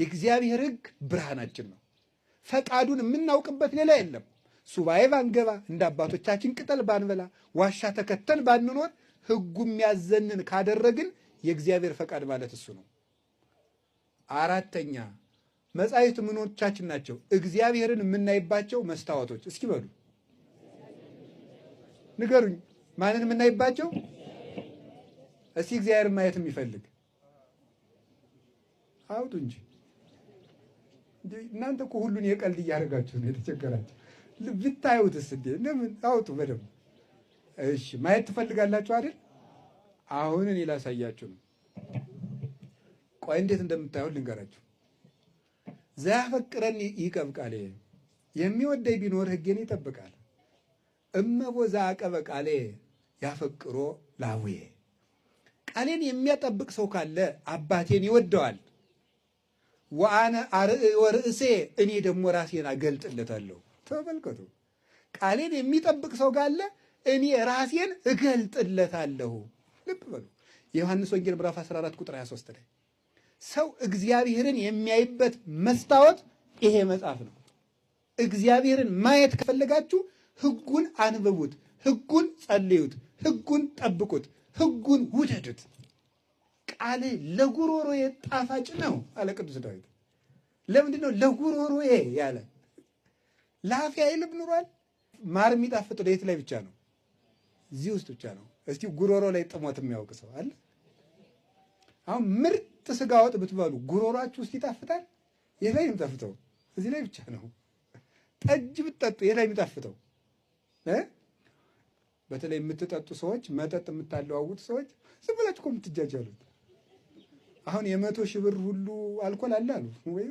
የእግዚአብሔር ሕግ ብርሃናችን ነው። ፈቃዱን የምናውቅበት ሌላ የለም። ሱባኤ ባንገባ፣ እንደ አባቶቻችን ቅጠል ባንበላ፣ ዋሻ ተከተን ባንኖር፣ ሕጉ የሚያዘንን ካደረግን የእግዚአብሔር ፈቃድ ማለት እሱ ነው። አራተኛ መጻሕፍት ምኖቻችን ናቸው? እግዚአብሔርን የምናይባቸው መስታወቶች። እስኪ በሉ ንገሩኝ፣ ማንን የምናይባቸው? እስኪ እግዚአብሔርን ማየት የሚፈልግ አውጡ እንጂ እናንተ እኮ ሁሉን የቀልድ እያደረጋችሁ ነው የተቸገራችሁ። ብታዩትስ እንዴ! ለምን አውጡ በደምብ። እሺ ማየት ትፈልጋላችሁ አይደል? አሁን እኔ ላሳያችሁ ነው። ቆይ እንዴት እንደምታዩት ልንገራችሁ። ዘያፈቅረን ይቀብቃል ቃሌ፣ የሚወደኝ ቢኖር ሕጌን ይጠብቃል። እመቦ ዘአቀበ ቃሌ ያፈቅሮ ላዌ፣ ቃሌን የሚያጠብቅ ሰው ካለ አባቴን ይወደዋል። ወአነ አርእዮ ወርእሴ እኔ ደግሞ ራሴን አገልጥለታለሁ። ተመልከቱ፣ ቃሌን የሚጠብቅ ሰው ካለ እኔ ራሴን እገልጥለታለሁ። ልብ በሉ የዮሐንስ ወንጌል ምዕራፍ 14 ቁጥር 23 ላይ ሰው እግዚአብሔርን የሚያይበት መስታወት ይሄ መጽሐፍ ነው። እግዚአብሔርን ማየት ከፈለጋችሁ ሕጉን አንብቡት፣ ሕጉን ጸልዩት፣ ሕጉን ጠብቁት፣ ሕጉን ውደዱት። ቃል ለጉሮሮዬ ጣፋጭ ነው አለ ቅዱስ ዳዊት። ለምንድን ነው ለጉሮሮዬ ያለ? ለአፌ አይልም ኑሯል። ማር የሚጣፍጥ የት ላይ ብቻ ነው? እዚህ ውስጥ ብቻ ነው። እስቲ ጉሮሮ ላይ ጥሞት የሚያውቅ ሰው አለ? አሁን ምርጥ ስጋ ወጥ ብትበሉ ጉሮሯችሁ ውስጥ ይጣፍጣል? የት ላይ የሚጣፍጠው? እዚህ ላይ ብቻ ነው። ጠጅ ብትጠጡ የት ላይ የሚጣፍጠው? በተለይ የምትጠጡ ሰዎች፣ መጠጥ የምታለዋውጡ ሰዎች ዝም ብላችሁ እኮ የምትጃጃሉት አሁን የመቶ ሺህ ብር ሁሉ አልኮል አለ አሉ ወይ?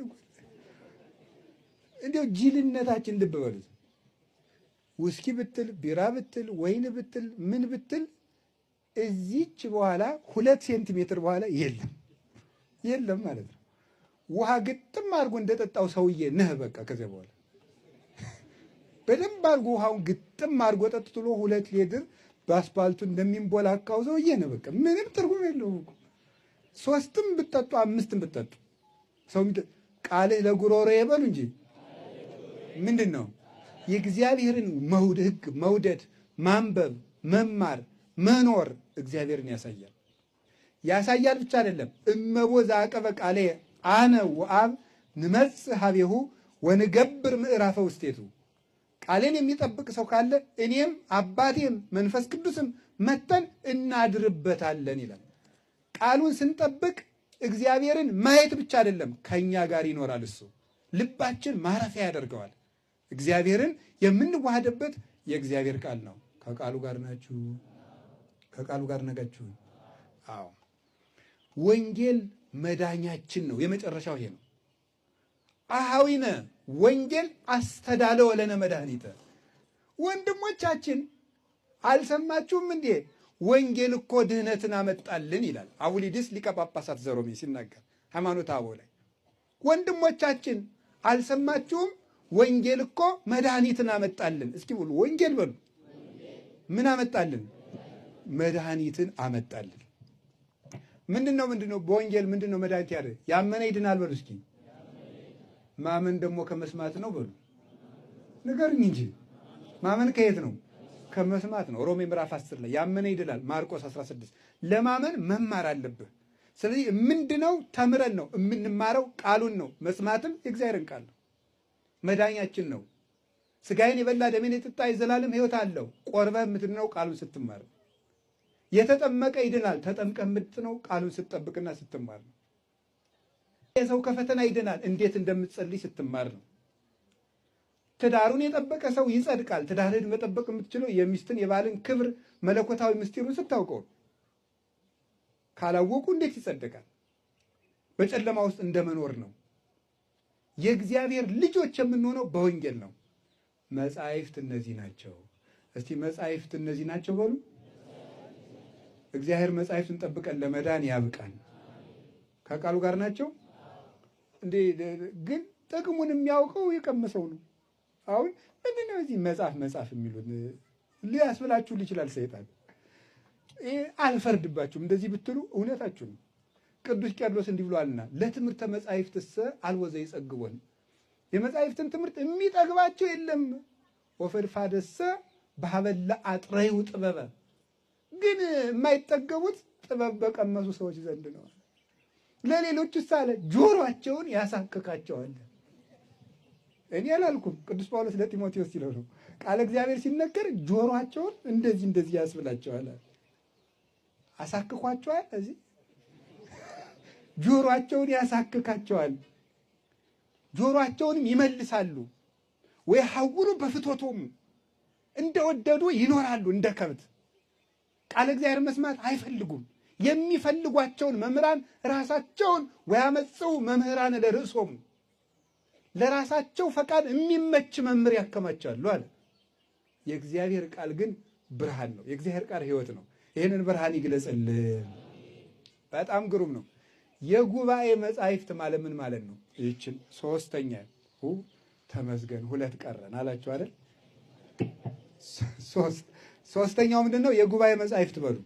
እንዲያው ጅልነታችን ልብ በሉት። ውስኪ ብትል፣ ቢራ ብትል፣ ወይን ብትል፣ ምን ብትል እዚች በኋላ ሁለት ሴንቲሜትር በኋላ የለም የለም ማለት ነው። ውሃ ግጥም አድርጎ እንደጠጣው ሰውዬ ነህ በቃ። ከዚያ በኋላ በደንብ አድርጎ ውሃውን ግጥም አድርጎ ጠጥሎ ሁለት ሌድር በአስፓልቱ እንደሚንቦላካው ሰውዬ ነህ በቃ። ምንም ትርጉም የለውም እኮ ሶስትም ብጠጡ አምስትም ብጠጡ ሰው ቃል ለጉሮሮ የበሉ እንጂ ምንድን ነው የእግዚአብሔርን መውደ ህግ መውደድ ማንበብ መማር መኖር እግዚአብሔርን ያሳያል። ያሳያል ብቻ አይደለም። እመቦ ዘአቀበ ቃሌ አነ ወአብ ንመጽ ሀቤሁ ወንገብር ምዕራፈ ውስቴቱ። ቃሌን የሚጠብቅ ሰው ካለ እኔም አባቴም መንፈስ ቅዱስም መተን እናድርበታለን ይላል። ቃሉን ስንጠብቅ እግዚአብሔርን ማየት ብቻ አይደለም፣ ከእኛ ጋር ይኖራል። እሱ ልባችን ማረፊያ ያደርገዋል። እግዚአብሔርን የምንዋሃደበት የእግዚአብሔር ቃል ነው። ከቃሉ ጋር ናችሁ፣ ከቃሉ ጋር ነጋችሁ። አዎ ወንጌል መዳኛችን ነው። የመጨረሻው ይሄ ነው። አሃዊነ ወንጌል አስተዳለ ወለነ መድኃኒተ ወንድሞቻችን አልሰማችሁም እንዴ? ወንጌል እኮ ድህነትን አመጣልን ይላል አውሊድስ ሊቀ ጳጳሳት ዘሮሜ ሲናገር ሃይማኖተ አበው ላይ ወንድሞቻችን አልሰማችሁም? ወንጌል እኮ መድኃኒትን አመጣልን። እስኪ ብሉ ወንጌል በሉ ምን አመጣልን? መድኃኒትን አመጣልን። ምንድን ነው ምንድን ነው በወንጌል ምንድን ነው መድኃኒት ያደ ያመነ ይድናል በሉ እስኪ። ማመን ደግሞ ከመስማት ነው በሉ ንገሩኝ እንጂ ማመን ከየት ነው? ከመስማት ነው። ሮሜ ምዕራፍ 10 ላይ ያመነ ይድናል፣ ማርቆስ 16። ለማመን መማር አለብህ። ስለዚህ ምንድነው? ተምረን ነው የምንማረው፣ ቃሉን ነው። መስማትም የእግዚአብሔርን ቃል ነው፣ መዳኛችን ነው። ስጋዬን የበላ ደሜን የጠጣ የዘላለም ሕይወት አለው። ቆርበህ የምትድነው ቃሉን ስትማር ነው። የተጠመቀ ይድናል፣ ተጠምቀህ የምትድነው ቃሉን ስትጠብቅና ስትማር ነው። የሰው ከፈተና ይድናል፣ እንዴት እንደምትጸልይ ስትማር ነው። ትዳሩን የጠበቀ ሰው ይጸድቃል። ትዳርህን መጠበቅ የምትችለው የሚስትን የባልን ክብር መለኮታዊ ምስጢሩን ስታውቀው። ካላወቁ እንዴት ይጸድቃል? በጨለማ ውስጥ እንደመኖር ነው። የእግዚአብሔር ልጆች የምንሆነው በወንጌል ነው። መጻሕፍት እነዚህ ናቸው። እስቲ መጻሕፍት እነዚህ ናቸው በሉ። እግዚአብሔር መጻሕፍትን ጠብቀን ለመዳን ያብቃል። ከቃሉ ጋር ናቸው እንዴ? ግን ጥቅሙን የሚያውቀው የቀመሰው ነው። አሁን ነው እዚህ መጽሐፍ መጽሐፍ የሚሉት ሊያስብላችሁን ይችላል ሰይጣን። አልፈርድባችሁም እንደዚህ ብትሉ እውነታችሁ ነው። ቅዱስ ቄርሎስ እንዲህ ብሏልና ለትምህርተ መጻሕፍትሰ አልወዘ ይጸግቦን፣ የመጻሕፍትን ትምህርት የሚጠግባቸው የለም። ወፈድፋደሰ ባህበላ አጥረዩ ጥበበ፣ ግን የማይጠገቡት ጥበብ በቀመሱ ሰዎች ዘንድ ነው። ለሌሎቹ ሳለ ጆሯቸውን ያሳክካቸዋል። እኔ አላልኩም። ቅዱስ ጳውሎስ ለጢሞቴዎስ ሲለው ነው። ቃለ እግዚአብሔር ሲነገር ጆሯቸውን እንደዚህ እንደዚህ ያስብላቸዋል። አሳክኳቸዋል። እዚህ ጆሯቸውን ያሳክካቸዋል፣ ጆሯቸውንም ይመልሳሉ። ወይ ሐውሩ በፍቶቶም እንደወደዱ ይኖራሉ እንደ ከብት። ቃለ እግዚአብሔር መስማት አይፈልጉም። የሚፈልጓቸውን መምህራን ራሳቸውን ወያመጽኡ መምህራን ለርእሶሙ ለራሳቸው ፈቃድ የሚመች መምህር ያከማቻሉ አለ። የእግዚአብሔር ቃል ግን ብርሃን ነው። የእግዚአብሔር ቃል ሕይወት ነው። ይህንን ብርሃን ይግለጽልን። በጣም ግሩም ነው። የጉባኤ መጻሕፍት ማለት ምን ማለት ነው? ይችን ሶስተኛ ሁ ሁለት ቀረን አላችሁ አይደል? ሶስተኛው ምንድን ነው? የጉባኤ መጻሕፍት በሉ